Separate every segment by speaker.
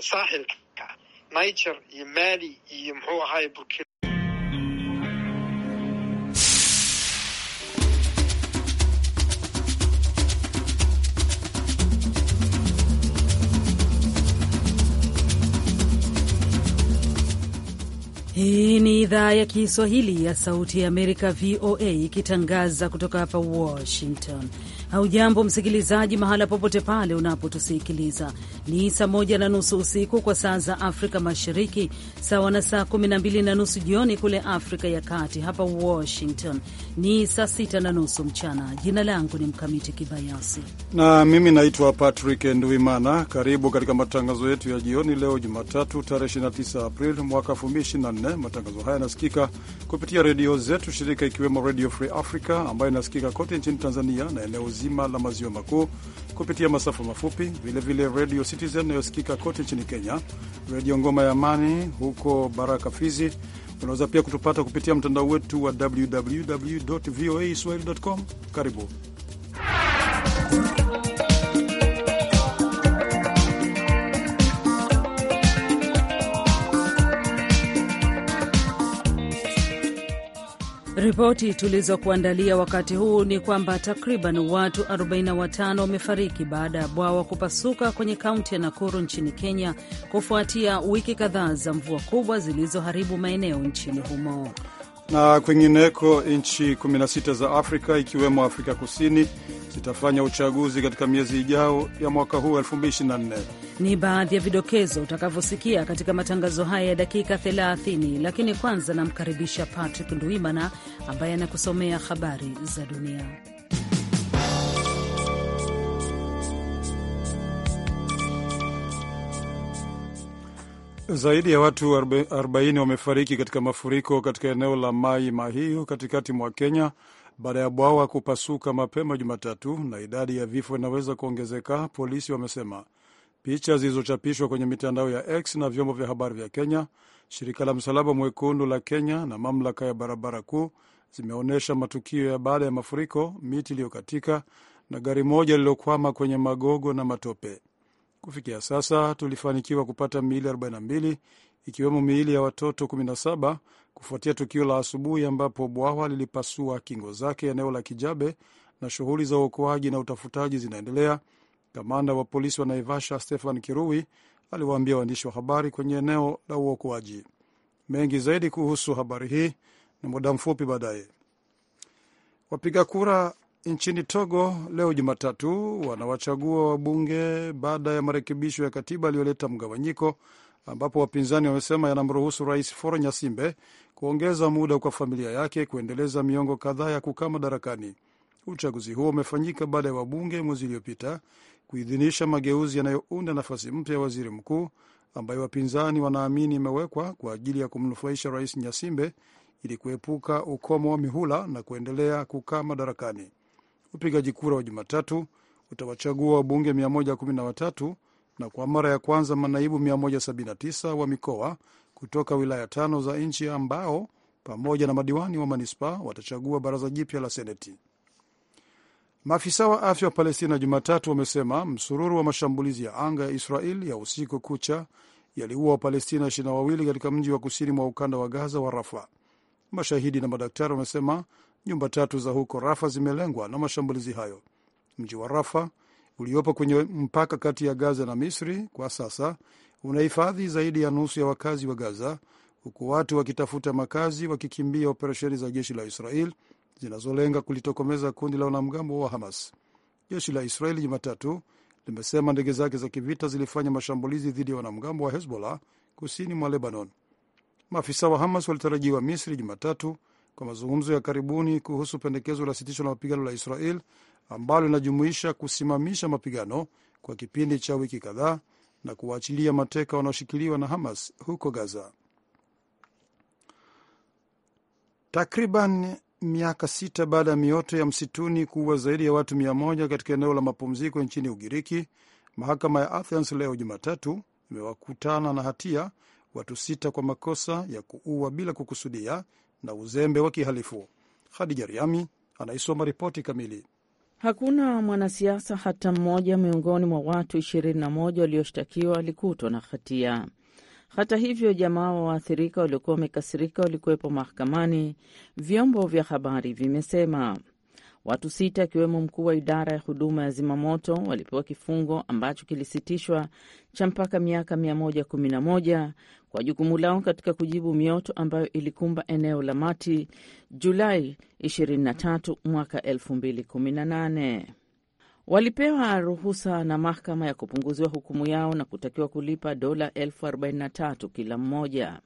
Speaker 1: saaxilka Niger iyo Mali iyo muxuu ahaay Burkina
Speaker 2: Hii ni idhaa ya Kiswahili ya Sauti ya Amerika, VOA, ikitangaza kutoka hapa Washington. Haujambo msikilizaji, mahala popote pale unapotusikiliza. Ni saa moja na nusu usiku kwa saa za Afrika Mashariki, sawa na saa kumi na mbili na nusu jioni kule Afrika ya Kati. Hapa Washington ni saa sita na nusu mchana. Jina langu ni Mkamiti Kibayasi
Speaker 3: na mimi naitwa Patrick Nduimana. Karibu katika matangazo yetu ya jioni leo Jumatatu, tarehe 29 April mwaka 2024. Matangazo haya yanasikika kupitia redio zetu shirika, ikiwemo Radio Free Africa ambayo inasikika kote nchini Tanzania na eneo zima la maziwa makuu kupitia masafa mafupi, vilevile redio Citizen inayosikika kote nchini Kenya, redio Ngoma ya Amani huko Baraka, Fizi. Unaweza pia kutupata kupitia mtandao wetu wa www voa swahili com. Karibu
Speaker 2: Ripoti tulizokuandalia wakati huu ni kwamba takriban watu 45 wamefariki baada ya bwawa kupasuka kwenye kaunti ya Nakuru nchini Kenya kufuatia wiki kadhaa za mvua kubwa zilizoharibu maeneo nchini humo.
Speaker 3: Na kwingineko, nchi 16 za Afrika ikiwemo Afrika Kusini zitafanya uchaguzi katika miezi ijao ya mwaka huu 2024.
Speaker 2: Ni baadhi ya vidokezo utakavyosikia katika matangazo haya ya dakika 30, lakini kwanza namkaribisha Patrick Ndwimana ambaye anakusomea habari za dunia.
Speaker 3: Zaidi ya watu 40 wamefariki katika mafuriko katika eneo la Mai Mahiu katikati mwa Kenya baada ya bwawa kupasuka mapema Jumatatu, na idadi ya vifo inaweza kuongezeka, polisi wamesema. Picha zilizochapishwa kwenye mitandao ya X na vyombo vya habari vya Kenya, shirika la Msalaba Mwekundu la Kenya na mamlaka ya barabara kuu zimeonyesha matukio ya baada ya mafuriko, miti iliyokatika na gari moja lililokwama kwenye magogo na matope. Kufikia sasa tulifanikiwa kupata miili 42 ikiwemo miili ya watoto 17 kufuatia tukio la asubuhi ambapo bwawa lilipasua kingo zake eneo la Kijabe, na shughuli za uokoaji na utafutaji zinaendelea Kamanda wa polisi wa Naivasha Stefan Kirui aliwaambia waandishi wa habari kwenye eneo la uokoaji. Mengi zaidi kuhusu habari hii ni muda mfupi baadaye. Wapiga kura nchini Togo leo Jumatatu wanawachagua wabunge baada ya marekebisho ya katiba yaliyoleta mgawanyiko, ambapo wapinzani wamesema yanamruhusu Rais Foro Nyasimbe kuongeza muda kwa familia yake kuendeleza miongo kadhaa ya kukaa madarakani. Uchaguzi huo umefanyika baada ya wabunge mwezi uliopita kuidhinisha mageuzi yanayounda nafasi mpya ya waziri mkuu ambayo wapinzani wanaamini imewekwa kwa ajili ya kumnufaisha Rais Nyasimbe ili kuepuka ukomo wa mihula na kuendelea kukaa madarakani. Upigaji kura wa Jumatatu utawachagua wabunge 113 na kwa mara ya kwanza manaibu 179 wa mikoa kutoka wilaya tano za nchi ambao pamoja na madiwani wa manispaa watachagua baraza jipya la seneti. Maafisa wa afya wa Palestina Jumatatu wamesema msururu wa mashambulizi ya anga ya Israel ya usiku kucha yaliua Wapalestina ishirini na wawili katika mji wa kusini mwa ukanda wa Gaza wa Rafa. Mashahidi na madaktari wamesema nyumba tatu za huko Rafa zimelengwa na mashambulizi hayo. Mji wa Rafa uliopo kwenye mpaka kati ya Gaza na Misri kwa sasa unahifadhi zaidi ya nusu ya wakazi wa Gaza, huku watu wakitafuta makazi wakikimbia operesheni za jeshi la Israel zinazolenga kulitokomeza kundi la wanamgambo wa Hamas. Jeshi la Israeli Jumatatu limesema ndege zake za kivita zilifanya mashambulizi dhidi ya wanamgambo wa Hezbollah kusini mwa Lebanon. Maafisa wa Hamas walitarajiwa Misri Jumatatu kwa mazungumzo ya karibuni kuhusu pendekezo la sitisho la mapigano la Israel ambalo linajumuisha kusimamisha mapigano kwa kipindi cha wiki kadhaa na kuwaachilia mateka wanaoshikiliwa na Hamas huko Gaza. Takriban miaka sita baada ya mioto ya msituni kuua zaidi ya watu mia moja katika eneo la mapumziko nchini Ugiriki, mahakama ya Athens leo Jumatatu imewakutana na hatia watu sita kwa makosa ya kuua bila kukusudia na uzembe wa kihalifu. Hadija Riami anaisoma ripoti kamili.
Speaker 4: Hakuna mwanasiasa hata mmoja miongoni mwa watu 21 walioshtakiwa alikutwa na hatia. Hata hivyo, jamaa wa waathirika waliokuwa wamekasirika walikuwepo mahakamani, vyombo vya habari vimesema. Watu sita akiwemo mkuu wa idara ya huduma ya zimamoto walipewa kifungo ambacho kilisitishwa cha mpaka miaka 111 kwa jukumu lao katika kujibu mioto ambayo ilikumba eneo la Mati Julai 23 mwaka 2018. Walipewa ruhusa na mahakama ya kupunguziwa hukumu yao na kutakiwa kulipa dola 43 kila mmoja.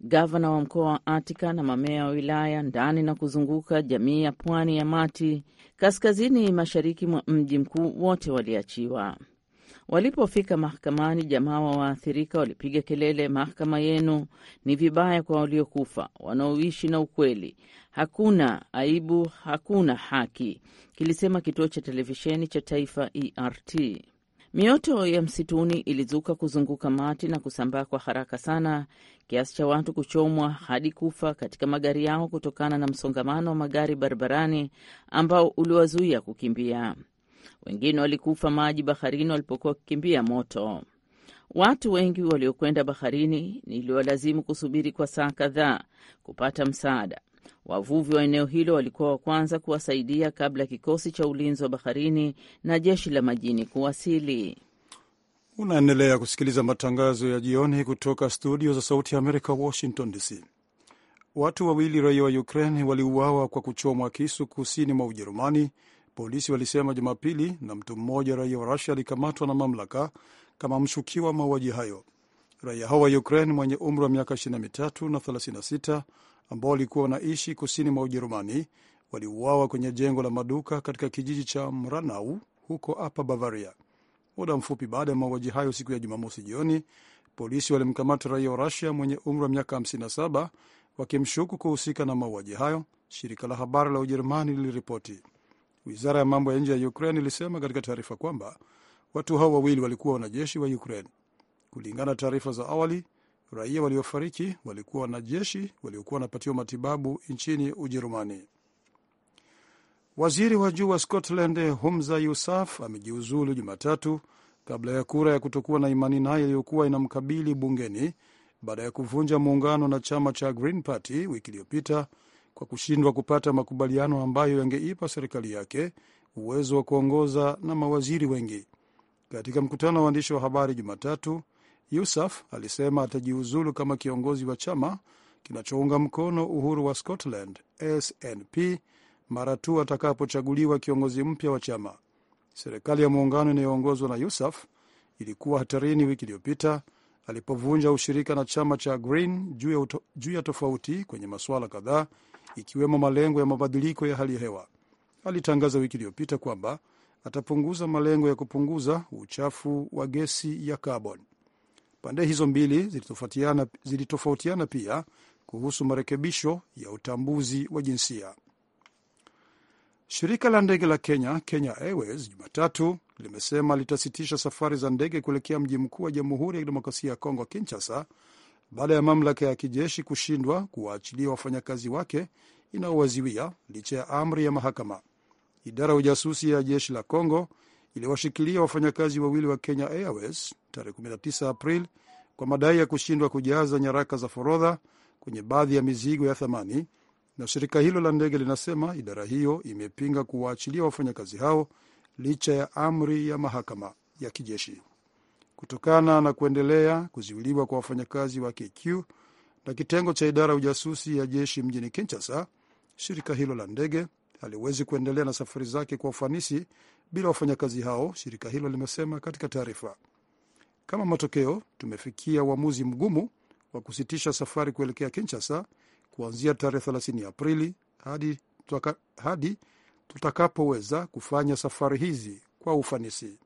Speaker 4: Gavana wa mkoa wa Atika na mamea wa wilaya ndani na kuzunguka jamii ya pwani ya Mati, kaskazini mashariki mwa mji mkuu, wote waliachiwa. Walipofika mahakamani, jamaa wa waathirika walipiga kelele, mahakama yenu ni vibaya kwa waliokufa wanaoishi na ukweli, hakuna aibu, hakuna haki, kilisema kituo cha televisheni cha taifa ERT. Mioto ya msituni ilizuka kuzunguka Mati na kusambaa kwa haraka sana kiasi cha watu kuchomwa hadi kufa katika magari yao kutokana na msongamano wa magari barabarani ambao uliwazuia kukimbia. Wengine walikufa maji baharini walipokuwa wakikimbia moto. Watu wengi waliokwenda baharini niliwalazimu kusubiri kwa saa kadhaa kupata msaada. Wavuvi wa eneo hilo walikuwa wa kwanza kuwasaidia kabla ya kikosi cha ulinzi wa baharini na jeshi la majini kuwasili.
Speaker 3: Unaendelea kusikiliza matangazo ya jioni kutoka studio za Sauti ya Amerika, Washington DC. Watu wawili raia wa Ukraine waliuawa kwa kuchomwa kisu kusini mwa Ujerumani, polisi walisema Jumapili, na mtu mmoja raia wa Rusia alikamatwa na mamlaka kama mshukiwa mauaji hayo. Raia hao wa Ukraine mwenye umri wa miaka 23 na 36 ambao walikuwa wanaishi kusini mwa Ujerumani waliuawa kwenye jengo la maduka katika kijiji cha Mranau huko apa Bavaria. Muda mfupi baada ya mauaji hayo siku ya Jumamosi jioni, polisi walimkamata raia wa Rusia mwenye umri wa miaka 57 wakimshuku kuhusika na mauaji hayo, shirika la habari la Ujerumani liliripoti. Wizara ya mambo ya nje ya Ukraine ilisema katika taarifa kwamba watu hao wawili walikuwa wanajeshi wa Ukraine. Kulingana na taarifa za awali, Raia waliofariki walikuwa wanajeshi waliokuwa wanapatiwa matibabu nchini Ujerumani. Waziri wa juu wa Scotland Humza Yusaf amejiuzulu Jumatatu kabla ya kura ya kutokuwa na imani naye iliyokuwa inamkabili bungeni baada ya kuvunja muungano na chama cha Green Party wiki iliyopita kwa kushindwa kupata makubaliano ambayo yangeipa serikali yake uwezo wa kuongoza na mawaziri wengi. Katika mkutano wa waandishi wa habari Jumatatu, Yusuf alisema atajiuzulu kama kiongozi wa chama kinachounga mkono uhuru wa Scotland, SNP, mara tu atakapochaguliwa kiongozi mpya wa chama. Serikali ya muungano inayoongozwa na Yusuf ilikuwa hatarini wiki iliyopita alipovunja ushirika na chama cha Green juu ya tofauti kwenye masuala kadhaa ikiwemo malengo ya mabadiliko ya hali ya hewa. Alitangaza wiki iliyopita kwamba atapunguza malengo ya kupunguza uchafu wa gesi ya kaboni. Pande hizo mbili zilitofautiana, zilitofautiana pia kuhusu marekebisho ya utambuzi wa jinsia. Shirika la ndege la Kenya, Kenya Airways, Jumatatu limesema litasitisha safari za ndege kuelekea mji mkuu wa Jamhuri ya Kidemokrasia ya Kongo, Kinshasa, baada ya mamlaka ya kijeshi kushindwa kuwaachilia wafanyakazi wake inaowaziwia licha ya amri ya mahakama. Idara ya ujasusi ya jeshi la Kongo iliwashikilia wafanyakazi wawili wa Kenya Airways tarehe 19 Aprili kwa madai ya kushindwa kujaza nyaraka za forodha kwenye baadhi ya mizigo ya thamani, na shirika hilo la ndege linasema idara hiyo imepinga kuwaachilia wafanyakazi hao licha ya amri ya mahakama ya kijeshi. Kutokana na kuendelea kuzuiliwa kwa wafanyakazi wa KQ na kitengo cha idara ya ujasusi ya jeshi mjini Kinshasa, shirika hilo la ndege haliwezi kuendelea na safari zake kwa ufanisi bila wafanyakazi hao, shirika hilo limesema katika taarifa. Kama matokeo, tumefikia uamuzi mgumu wa kusitisha safari kuelekea Kinshasa kuanzia tarehe 30 Aprili hadi, tutaka, hadi tutakapoweza kufanya safari hizi kwa ufanisi.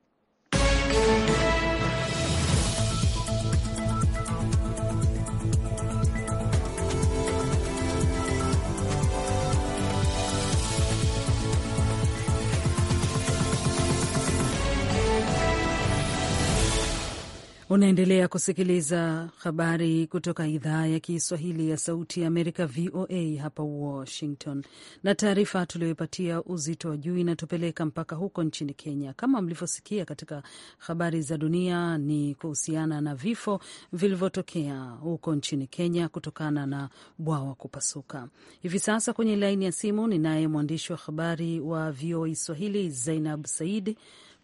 Speaker 2: Unaendelea kusikiliza habari kutoka idhaa ya Kiswahili ya Sauti ya Amerika, VOA hapa Washington. Na taarifa tuliyoipatia uzito wa juu inatupeleka mpaka huko nchini Kenya. Kama mlivyosikia katika habari za dunia, ni kuhusiana na vifo vilivyotokea huko nchini Kenya kutokana na bwawa kupasuka. Hivi sasa kwenye laini ya simu ninaye mwandishi wa habari wa VOA Swahili, Zainab Saidi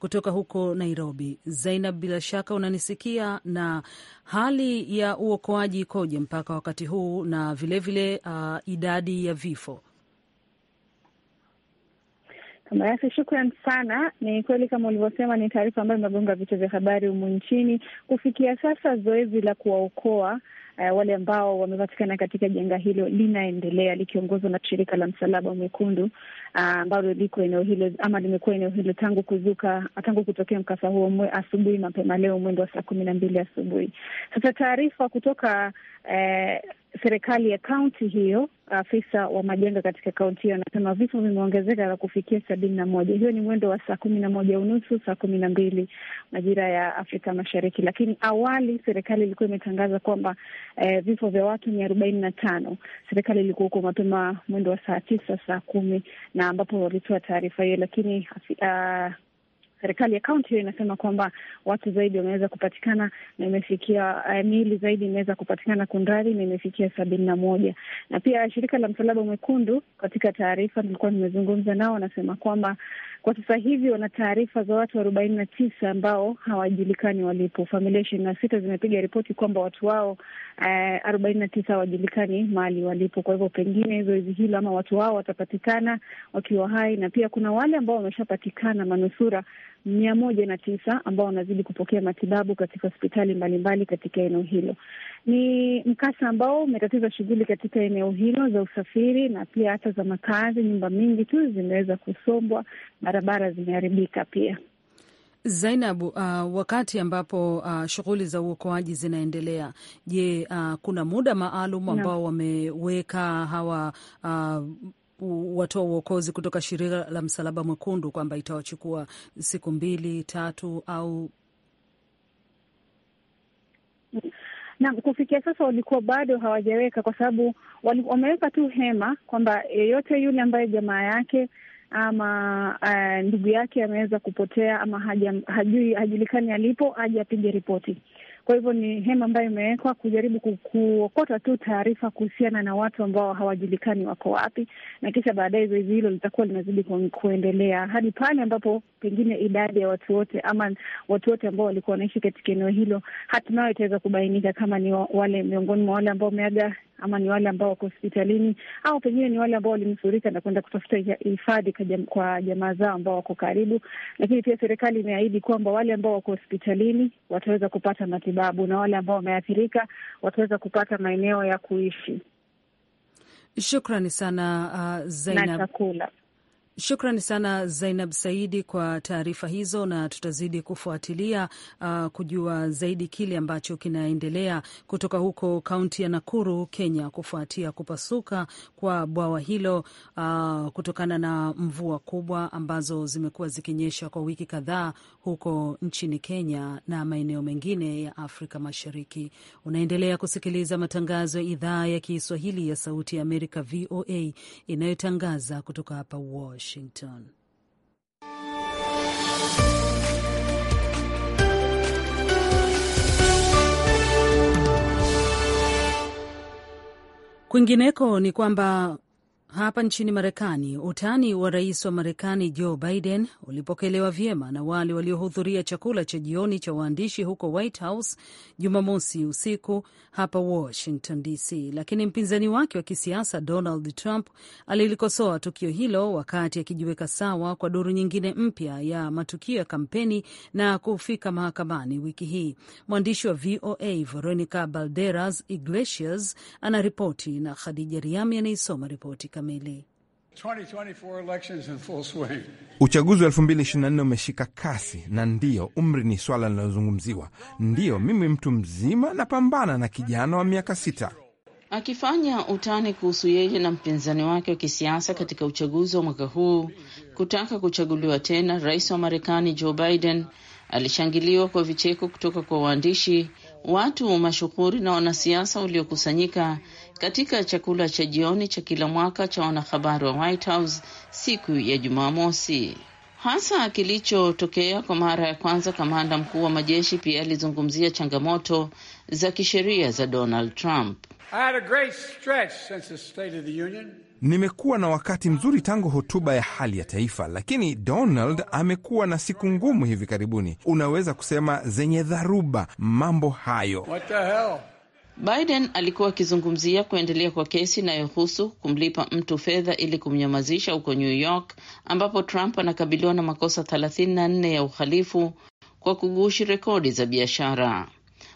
Speaker 2: kutoka huko Nairobi. Zainab, bila shaka unanisikia, na hali ya uokoaji ikoje mpaka wakati huu na vilevile vile, uh, idadi ya vifo?
Speaker 5: Basi shukran sana. Ni kweli kama ulivyosema, ni taarifa ambayo imegonga vichwa vya habari humu nchini. Kufikia sasa, zoezi la kuwaokoa uh, wale ambao wamepatikana katika janga hilo linaendelea likiongozwa na shirika la Msalaba Mwekundu ah, ambalo uh, liko eneo hilo ama limekuwa eneo hilo tangu kuzuka tangu kutokea mkasa huo mwe asubuhi mapema leo mwendo wa saa kumi na mbili asubuhi. Sasa taarifa kutoka uh, serikali ya kaunti hiyo, afisa wa majanga katika kaunti hiyo anasema vifo vimeongezeka na kufikia sabini na moja. Hiyo ni mwendo wa saa kumi na moja unusu saa kumi na mbili majira ya Afrika Mashariki, lakini awali serikali ilikuwa imetangaza kwamba eh, vifo vya watu ni arobaini na tano. Serikali ilikuwa huko mapema mwendo wa saa tisa saa kumi na ambapo walitoa taarifa hiyo, lakini uh, serikali ya kaunti hiyo inasema kwamba watu zaidi wameweza kupatikana na imefikia uh, miili zaidi imeweza kupatikana kunradi na imefikia sabini na moja. Na pia shirika la Msalaba Mwekundu katika taarifa nilikuwa nimezungumza nao, wanasema kwamba kwa sasa hivi wana taarifa za watu arobaini na tisa ambao hawajulikani walipo. Familia ishirini na sita zimepiga ripoti kwamba watu wao eh, arobaini na tisa hawajulikani mahali walipo. Kwa hivyo pengine zoezi hilo ama watu wao watapatikana wakiwa hai, na pia kuna wale ambao wameshapatikana manusura mia moja na tisa ambao wanazidi kupokea matibabu katika hospitali mbalimbali katika eneo hilo. Ni mkasa ambao umetatiza shughuli katika eneo hilo za usafiri na pia hata za makazi. Nyumba mingi tu zimeweza kusombwa, barabara zimeharibika pia.
Speaker 2: Zainabu, uh, wakati ambapo uh, shughuli za uokoaji zinaendelea, je, uh, kuna muda maalum ambao no. wameweka hawa uh, watoa uokozi kutoka shirika la Msalaba Mwekundu kwamba itawachukua siku mbili tatu au
Speaker 5: na kufikia sasa walikuwa bado hawajaweka, kwa sababu wameweka tu hema kwamba yeyote yule ambaye jamaa yake ama uh, ndugu yake ameweza kupotea ama hajam, hajui hajulikani alipo aje apige ripoti. Kwa hivyo ni hema ambayo imewekwa kujaribu kuokota tu taarifa kuhusiana na watu ambao hawajulikani wako wapi, na kisha baadaye zoezi hilo litakuwa linazidi kuendelea hadi pale ambapo pengine idadi ya watu wote ama watu wote ambao walikuwa wanaishi katika eneo hilo hatimaye itaweza kubainika kama ni wale miongoni mwa wale ambao wameaga ama ni wale ambao wako hospitalini au pengine ni wale ambao walinusurika na kwenda kutafuta hifadhi kwa jamaa zao ambao wako karibu. Lakini pia serikali imeahidi kwamba wale ambao wako hospitalini wataweza kupata matibabu matibabu na wale ambao wameathirika wataweza kupata maeneo ya kuishi. Shukrani
Speaker 2: sana uh, Zainab. Na chakula Shukrani sana Zainab Saidi kwa taarifa hizo, na tutazidi kufuatilia uh, kujua zaidi kile ambacho kinaendelea kutoka huko kaunti ya Nakuru, Kenya, kufuatia kupasuka kwa bwawa hilo uh, kutokana na mvua kubwa ambazo zimekuwa zikinyesha kwa wiki kadhaa huko nchini Kenya na maeneo mengine ya Afrika Mashariki. Unaendelea kusikiliza matangazo ya idhaa ya Kiswahili ya Sauti ya Amerika, VOA, inayotangaza kutoka hapa Wash. Washington. Kwingineko ni kwamba hapa nchini Marekani, utani wa rais wa Marekani Joe Biden ulipokelewa vyema na wale waliohudhuria chakula cha jioni cha waandishi huko White House Jumamosi usiku hapa Washington DC, lakini mpinzani wake wa kisiasa Donald Trump alilikosoa tukio hilo wakati akijiweka sawa kwa duru nyingine mpya ya matukio ya kampeni na kufika mahakamani wiki hii. Mwandishi wa VOA Veronica Balderas Iglesias anaripoti na Khadija Riami anaisoma ripoti kamili.
Speaker 1: Uchaguzi wa 2024 umeshika kasi, na ndiyo, umri ni swala linalozungumziwa. Ndiyo, mimi mtu mzima napambana na kijana wa miaka sita.
Speaker 4: Akifanya utani kuhusu yeye na mpinzani wake wa kisiasa katika uchaguzi wa mwaka huu kutaka kuchaguliwa tena, rais wa Marekani Joe Biden alishangiliwa kwa vicheko kutoka kwa waandishi, watu mashuhuri na wanasiasa waliokusanyika katika chakula cha jioni cha kila mwaka cha wanahabari wa White House siku ya Jumamosi. Hasa kilichotokea kwa mara ya kwanza, kamanda mkuu wa majeshi pia alizungumzia changamoto za kisheria za Donald Trump.
Speaker 1: Nimekuwa na wakati mzuri tangu hotuba ya hali ya taifa, lakini Donald amekuwa na siku ngumu hivi karibuni, unaweza kusema zenye dharuba. Mambo hayo
Speaker 4: What the hell? Biden alikuwa akizungumzia kuendelea kwa kesi inayohusu kumlipa mtu fedha ili kumnyamazisha huko New York ambapo Trump anakabiliwa na makosa 34 ya uhalifu kwa kugushi rekodi za biashara.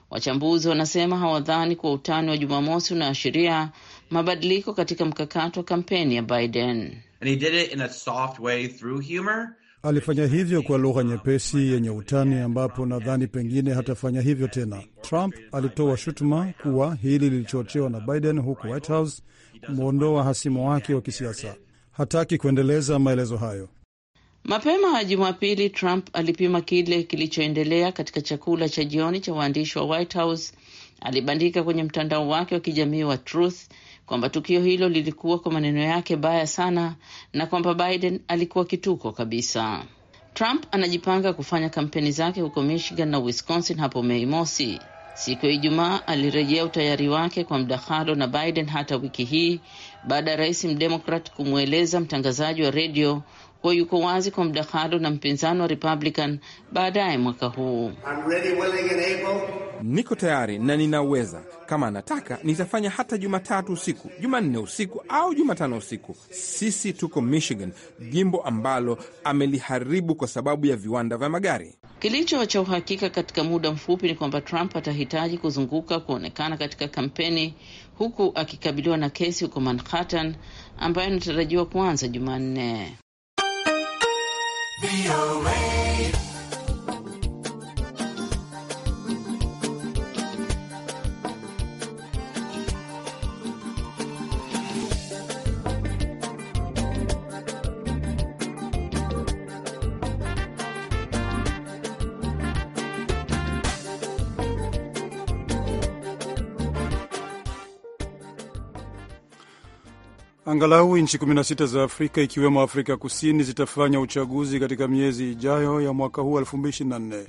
Speaker 4: Wachambuzi wanasema hawadhani kuwa utani wa Jumamosi unaashiria mabadiliko katika mkakati wa kampeni ya Biden.
Speaker 5: And he did it in a soft way through humor.
Speaker 3: Alifanya hivyo kwa lugha nyepesi yenye utani, ambapo nadhani pengine hatafanya hivyo tena. Trump alitoa shutuma kuwa hili lilichochewa na Biden huku White House kumwondoa hasimu wake wa kisiasa. Hataki kuendeleza maelezo hayo.
Speaker 4: Mapema Jumapili, Trump alipima kile kilichoendelea katika chakula cha jioni cha waandishi wa White House. Alibandika kwenye mtandao wake wa kijamii wa Truth kwamba tukio hilo lilikuwa kwa maneno yake baya sana na kwamba Biden alikuwa kituko kabisa. Trump anajipanga kufanya kampeni zake huko Michigan na Wisconsin hapo Mei mosi. Siku ya Ijumaa alirejea utayari wake kwa mdahalo na Biden hata wiki hii baada ya rais mdemokrat kumweleza mtangazaji wa redio kuwa yuko wazi kwa mdahalo na mpinzani wa Republican baadaye mwaka huu. Niko tayari na
Speaker 1: ninaweza, kama anataka nitafanya hata Jumatatu usiku, Jumanne usiku au Jumatano usiku. Sisi tuko Michigan, jimbo ambalo ameliharibu kwa sababu ya viwanda
Speaker 4: vya magari. Kilicho cha uhakika katika muda mfupi ni kwamba Trump atahitaji kuzunguka kuonekana katika kampeni, huku akikabiliwa na kesi huko Manhattan ambayo inatarajiwa kuanza Jumanne.
Speaker 2: be away.
Speaker 3: Angalau nchi 16 za Afrika ikiwemo Afrika Kusini zitafanya uchaguzi katika miezi ijayo ya mwaka huu 2024.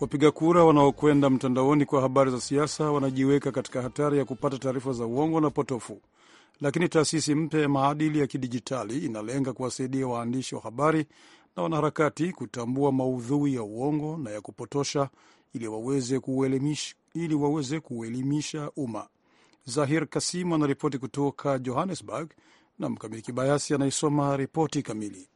Speaker 3: Wapiga kura wanaokwenda mtandaoni kwa habari za siasa wanajiweka katika hatari ya kupata taarifa za uongo na potofu, lakini taasisi mpya ya maadili ya kidijitali inalenga kuwasaidia waandishi wa habari na wanaharakati kutambua maudhui ya uongo na ya kupotosha ili waweze kuelimisha ili waweze kuuelimisha umma. Zahir Kasimu anaripoti kutoka Johannesburg na Mkamili Kibayasi anaisoma ripoti kamili.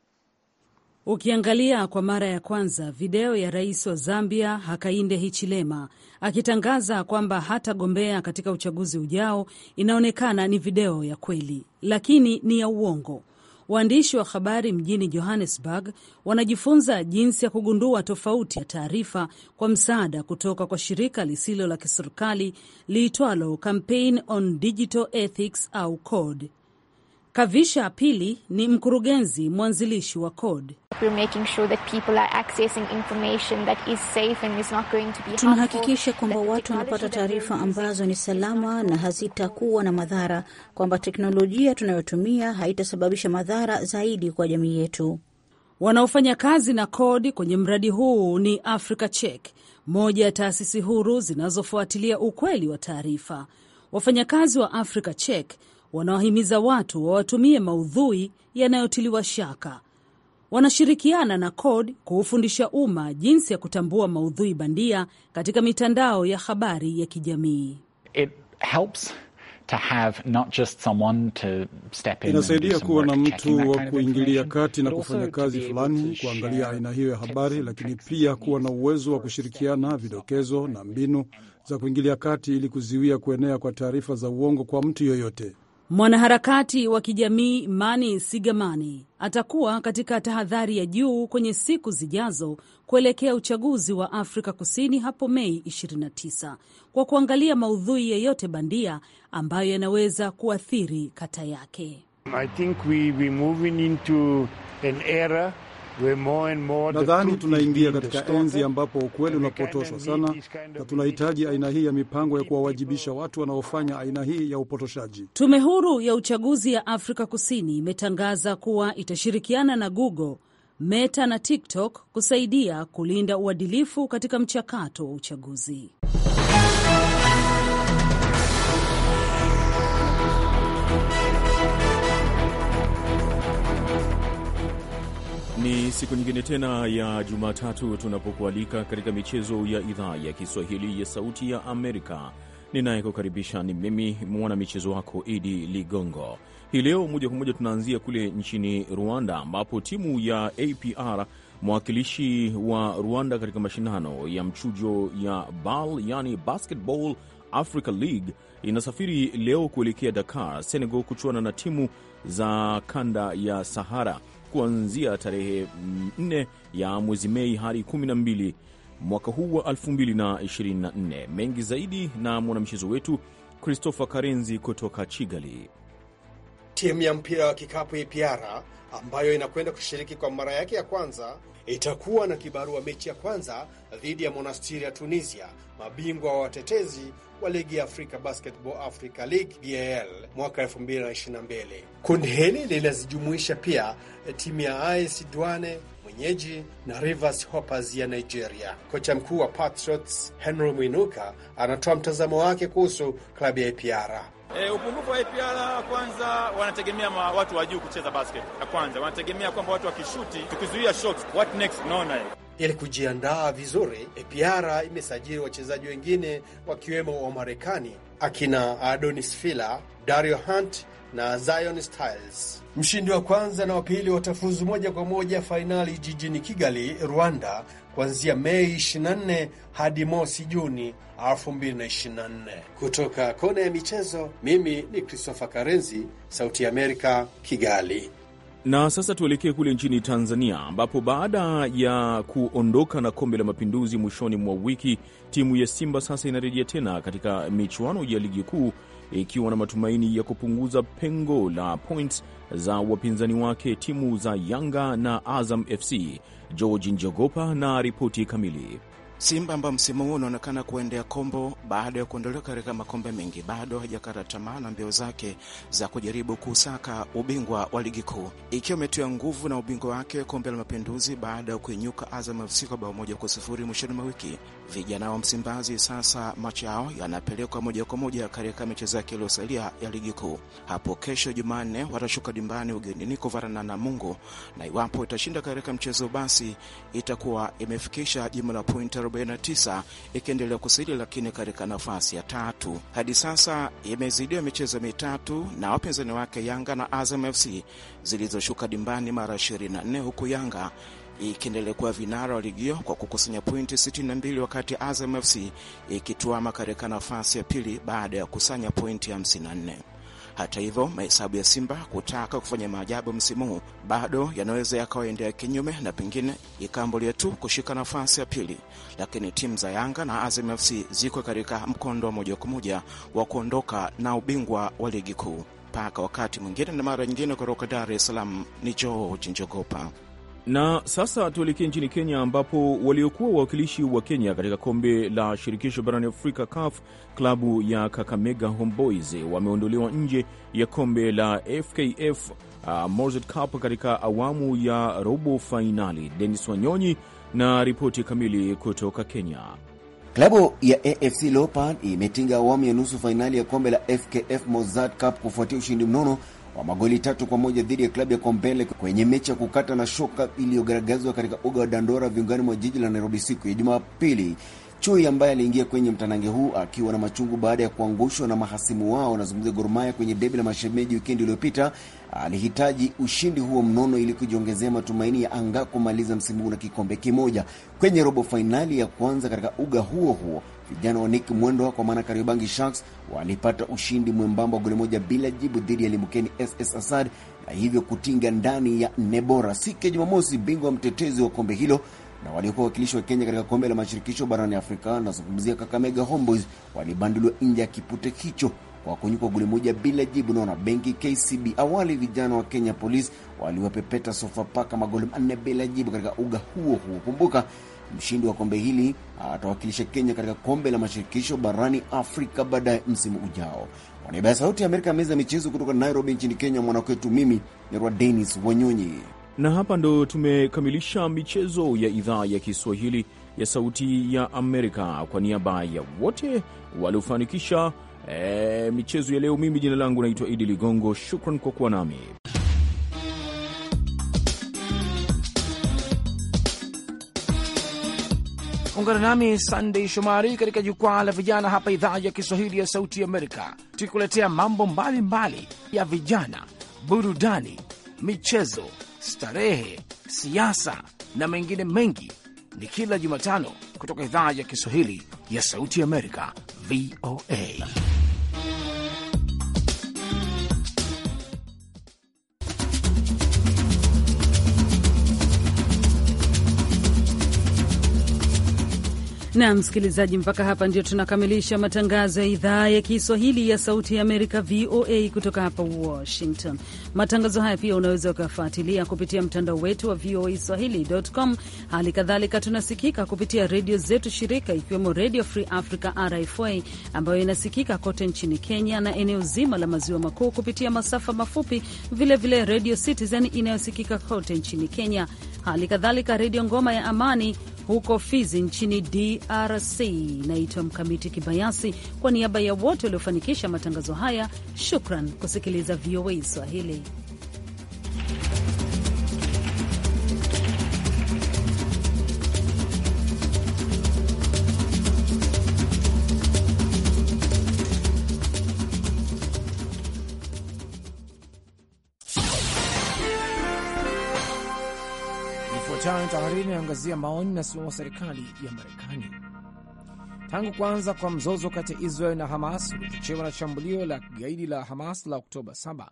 Speaker 2: Ukiangalia kwa mara ya kwanza video ya rais wa Zambia Hakainde Hichilema akitangaza kwamba hatagombea katika uchaguzi ujao, inaonekana ni video ya kweli, lakini ni ya uongo. Waandishi wa habari mjini Johannesburg wanajifunza jinsi ya kugundua tofauti ya taarifa kwa msaada kutoka kwa shirika lisilo la kiserikali liitwalo Campaign on Digital Ethics au CODE. Kavisha Apili ni mkurugenzi mwanzilishi wa CODE.
Speaker 6: Tunahakikisha
Speaker 2: kwamba watu wanapata taarifa ambazo ni salama na hazitakuwa na madhara, kwamba teknolojia tunayotumia haitasababisha madhara zaidi kwa jamii yetu. Wanaofanya kazi na CODE kwenye mradi huu ni Africa Check, moja ya taasisi huru zinazofuatilia ukweli wa taarifa. Wafanyakazi wa Africa Check wanaohimiza watu wawatumie maudhui yanayotiliwa shaka. Wanashirikiana na CORD kuufundisha umma jinsi ya kutambua maudhui bandia katika mitandao ya habari ya kijamii.
Speaker 7: It helps to have not just someone to step in, inasaidia kuwa na mtu wa kuingilia
Speaker 3: kati na kufanya kazi fulani, kuangalia aina hiyo ya habari, lakini pia kuwa na uwezo wa kushirikiana vidokezo na mbinu za kuingilia kati ili kuziwia kuenea kwa taarifa za uongo kwa mtu yoyote.
Speaker 2: Mwanaharakati wa kijamii Mani Sigamani atakuwa katika tahadhari ya juu kwenye siku zijazo kuelekea uchaguzi wa Afrika Kusini hapo Mei 29 kwa kuangalia maudhui yeyote bandia ambayo yanaweza kuathiri kata yake.
Speaker 7: I think
Speaker 3: we, we Nadhani tunaingia katika enzi ambapo ukweli unapotoshwa sana, na tunahitaji aina hii ya mipango ya kuwawajibisha watu wanaofanya aina hii ya upotoshaji.
Speaker 2: Tume huru ya uchaguzi ya Afrika Kusini imetangaza kuwa itashirikiana na Google, Meta na TikTok kusaidia kulinda uadilifu katika mchakato wa uchaguzi.
Speaker 7: Ni siku nyingine tena ya Jumatatu tunapokualika katika michezo ya idhaa ya Kiswahili ya Sauti ya Amerika. Ninayekukaribisha ni mimi mwana michezo wako Idi Ligongo. Hii leo moja kwa moja tunaanzia kule nchini Rwanda, ambapo timu ya APR mwakilishi wa Rwanda katika mashindano ya mchujo ya BAL, yani Basketball Africa League inasafiri leo kuelekea Dakar, Senegal, kuchuana na timu za kanda ya Sahara kuanzia tarehe 4 ya mwezi Mei hadi 12 mwaka huu wa 2024. Mengi zaidi na mwanamchezo wetu Christopher Karenzi kutoka Chigali.
Speaker 1: Timu ya mpira wa kikapu APR ambayo inakwenda kushiriki kwa mara yake ya kwanza itakuwa na kibarua mechi ya kwanza dhidi ya Monastiri ya Tunisia, mabingwa wa watetezi wa ligi ya Africa Basketball Africa League BAL mwaka 2022. Kundi hili linazijumuisha pia timu ya AS Douanes mwenyeji na Rivers Hoppers ya Nigeria. Kocha mkuu wa Patriots Henry Mwinuka anatoa mtazamo wake kuhusu klabu ya APR.
Speaker 7: E, upungufu wa IPR kwanza, wanategemea ma, watu wa juu kucheza basket ya kwanza, wanategemea kwamba watu wakishuti, tukizuia shots, what next? Unaona hiyo
Speaker 1: ili kujiandaa vizuri, APR imesajili wachezaji wengine wakiwemo wa Marekani akina Adonis Fila, Dario Hunt na Zion Styles. Mshindi wa kwanza na wa watafuzu moja kwa moja fainali jijini Kigali, Rwanda, kuanzia Mei 24 hadi mosi Juni 2024. Kutoka kona ya michezo, mimi ni Christopher Karenzi, Sauti ya Amerika, Kigali.
Speaker 7: Na sasa tuelekee kule nchini Tanzania ambapo baada ya kuondoka na kombe la mapinduzi mwishoni mwa wiki, timu ya Simba sasa inarejea tena katika michuano ya ligi kuu ikiwa na matumaini ya kupunguza pengo la points za wapinzani wake timu za Yanga na Azam FC. George Njogopa na ripoti kamili.
Speaker 8: Simba ambao msimu huu unaonekana kuendea kombo baada ya kuondolewa katika makombe mengi, bado hajakata tamaa na mbio zake za kujaribu kusaka ubingwa wa ligi kuu, ikiwa imetiwa nguvu na ubingwa wake kombe la Mapinduzi baada ya kuinyuka Azam FC kwa bao moja kwa sifuri mwishoni mwa wiki. Vijana wa Msimbazi sasa macho yao yanapelekwa moja kwa moja katika michezo yake iliyosalia ya ligi kuu. Hapo kesho Jumanne watashuka dimbani ugenini kuvarana na Mungu, na iwapo itashinda katika mchezo, basi itakuwa imefikisha jumla ya pointi 49 ikiendelea kusili, lakini katika nafasi ya tatu hadi sasa imezidiwa michezo mitatu na wapinzani wake Yanga na Azam FC zilizoshuka dimbani mara 24 huku Yanga ikiendelea kuwa vinara wa ligi hiyo kwa kukusanya pointi 62 wakati Azam FC ikituama katika nafasi ya pili baada ya kusanya pointi 54. Hata hivyo mahesabu ya Simba kutaka kufanya maajabu msimu huu bado yanaweza yakawaendea kinyume na pengine ikambulia tu kushika nafasi ya pili, lakini timu za Yanga na Azam FC ziko katika mkondo wa moja kwa moja wa kuondoka na ubingwa wa ligi kuu. Mpaka wakati mwingine na mara nyingine, kutoka Dar es Salaam ni George Chinjogopa.
Speaker 7: Na sasa tuelekee nchini Kenya ambapo waliokuwa wawakilishi wa Kenya katika kombe la shirikisho barani Afrika CAF, klabu ya Kakamega Homeboys wameondolewa nje ya kombe la FKF uh, Mozart Cup katika awamu ya robo fainali. Denis Wanyonyi na ripoti kamili kutoka Kenya.
Speaker 9: Klabu ya AFC lopad imetinga awamu ya nusu fainali ya kombe la FKF Mozart Cup kufuatia ushindi mnono wa magoli tatu kwa moja dhidi ya klabu ya Kombele kwenye mechi ya kukata na shoka iliyogaragazwa katika uga wa Dandora viungani mwa jiji la Nairobi siku ya Jumapili. Chui ambaye aliingia kwenye mtanange huu akiwa na machungu baada ya kuangushwa na mahasimu wao, anazungumzia Gor Mahia kwenye debi la mashemeji wikendi iliyopita, alihitaji ushindi huo mnono ili kujiongezea matumaini ya anga kumaliza msimu huu na kikombe kimoja kwenye robo fainali ya kwanza katika uga huo huo Vijana wa Nick Mwendwa kwa maana Kariobangi Sharks walipata ushindi mwembamba wa goli moja bila jibu dhidi ya limbukeni SS Asad na hivyo kutinga ndani ya nne bora siku ya Jumamosi, bingwa mtetezi wa kombe hilo na waliokuwa wakilishi wa Kenya katika kombe la mashirikisho barani Afrika, nazungumzia Kakamega Homeboys, walibanduliwa nje ya kipute hicho kwa kunyikwa goli moja bila jibu na benki KCB. Awali vijana wa Kenya Police waliwapepeta Sofapaka magoli manne bila jibu katika uga huo huo. Kumbuka Mshindi wa kombe hili ah, atawakilisha Kenya katika kombe la mashirikisho barani Afrika baadaye msimu ujao. Kwa niaba ya Sauti ya Amerika, meza ya michezo kutoka Nairobi nchini Kenya, mwanakwetu, mimi nerwa
Speaker 7: Denis Wanyonyi, na hapa ndo tumekamilisha michezo ya idhaa ya Kiswahili ya Sauti ya Amerika. Kwa niaba ya wote waliofanikisha e, michezo ya leo, mimi jina langu naitwa Idi Ligongo. Shukran kwa kuwa nami.
Speaker 6: Ungana nami Sandey Shomari katika jukwaa la vijana hapa idhaa ya Kiswahili ya Sauti Amerika, tukikuletea mambo mbalimbali mbali ya vijana, burudani, michezo, starehe, siasa na mengine mengi. Ni kila Jumatano kutoka idhaa ya Kiswahili ya Sauti Amerika, VOA.
Speaker 2: Na msikilizaji, mpaka hapa ndio tunakamilisha matangazo ya idhaa ya Kiswahili ya Sauti ya Amerika, VOA, kutoka hapa Washington. Matangazo haya pia unaweza ukafuatilia kupitia mtandao wetu wa VOA Swahili.com. Hali kadhalika tunasikika kupitia redio zetu shirika, ikiwemo Redio Free Africa, RFA, ambayo inasikika kote nchini Kenya na eneo zima la maziwa makuu kupitia masafa mafupi, vilevile Redio Citizen inayosikika kote nchini Kenya, hali kadhalika Redio Ngoma ya Amani huko Fizi nchini DRC. Naitwa Mkamiti Kibayasi, kwa niaba ya wote waliofanikisha matangazo haya, shukran kusikiliza VOA Swahili.
Speaker 6: kuangazia maoni na msimamo wa serikali ya Marekani tangu kuanza kwa mzozo kati ya Israel na Hamas uliochochewa na shambulio la kigaidi la Hamas la Oktoba 7.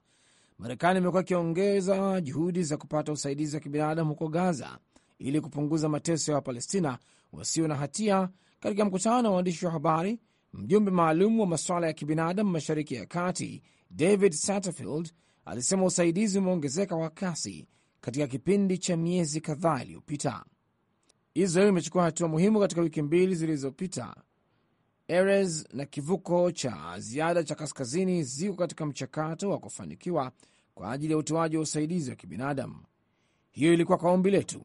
Speaker 6: Marekani imekuwa ikiongeza juhudi za kupata usaidizi wa kibinadamu huko Gaza ili kupunguza mateso ya Wapalestina wasio na hatia. Katika mkutano wa waandishi wa habari, mjumbe maalum wa masuala ya kibinadamu Mashariki ya Kati David Satterfield alisema usaidizi umeongezeka kwa kasi katika kipindi cha miezi kadhaa iliyopita. Israel imechukua hatua muhimu katika wiki mbili zilizopita. Erez na kivuko cha ziada cha kaskazini ziko katika mchakato wa kufanikiwa kwa ajili ya utoaji wa usaidizi wa kibinadamu. Hiyo ilikuwa kwa ombi letu.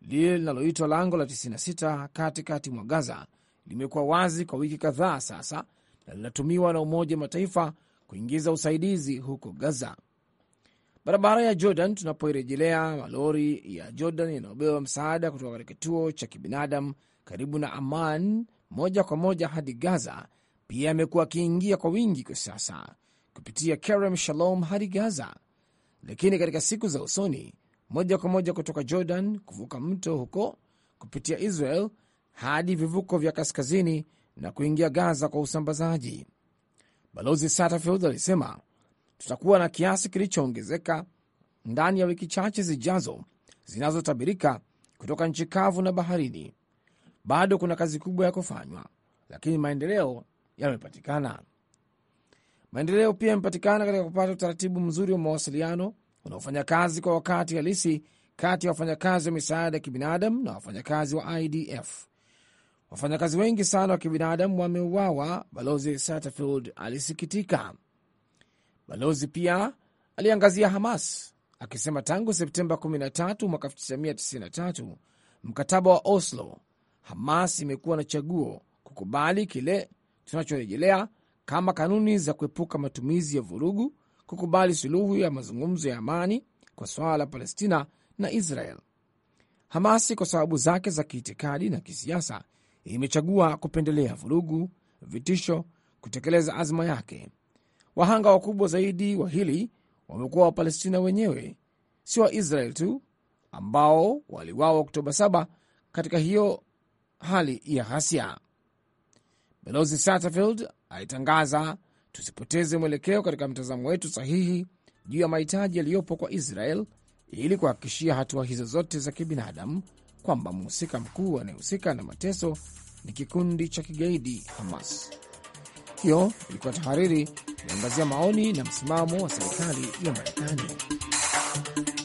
Speaker 6: Lile linaloitwa lango la 96 katikati mwa Gaza limekuwa wazi kwa wiki kadhaa sasa na linatumiwa na Umoja wa Mataifa kuingiza usaidizi huko Gaza. Barabara ya Jordan tunapoirejelea, malori ya Jordan yanayobeba msaada kutoka katika kituo cha kibinadamu karibu na Aman moja kwa moja hadi Gaza pia yamekuwa akiingia kwa wingi kwa sasa kupitia Kerem Shalom hadi Gaza, lakini katika siku za usoni moja kwa moja kutoka Jordan kuvuka mto huko kupitia Israel hadi vivuko vya kaskazini na kuingia Gaza kwa usambazaji. Balozi Satterfield alisema tutakuwa na kiasi kilichoongezeka ndani ya wiki chache zijazo zinazotabirika kutoka nchi kavu na baharini. Bado kuna kazi kubwa ya kufanywa, lakini maendeleo yamepatikana. Maendeleo pia yamepatikana katika kupata utaratibu mzuri wa mawasiliano unaofanya kazi kwa wakati halisi kati ya wafanyakazi wa misaada ya kibinadamu na wafanyakazi wa IDF. Wafanyakazi wengi sana wa kibinadamu wameuawa, Balozi Satterfield alisikitika. Balozi pia aliangazia Hamas akisema tangu Septemba 13 mwaka 1993 mkataba wa Oslo, Hamas imekuwa na chaguo kukubali kile tunachorejelea kama kanuni za kuepuka matumizi ya vurugu, kukubali suluhu ya mazungumzo ya amani kwa suala la Palestina na Israel. Hamasi kwa sababu zake za kiitikadi na kisiasa imechagua kupendelea vurugu, vitisho, kutekeleza azma yake Wahanga wakubwa zaidi wa hili wamekuwa Wapalestina wenyewe, si Waisrael tu ambao waliwawa Oktoba 7 katika hiyo hali ya ghasia. Balozi Satterfield alitangaza, tusipoteze mwelekeo katika mtazamo wetu sahihi juu ya mahitaji yaliyopo kwa Israel ili kuhakikishia hatua hizo zote za kibinadamu kwamba mhusika mkuu anayehusika na mateso ni kikundi cha kigaidi Hamas matukio ilikuwa tahariri inaangazia maoni na msimamo wa serikali ya Marekani.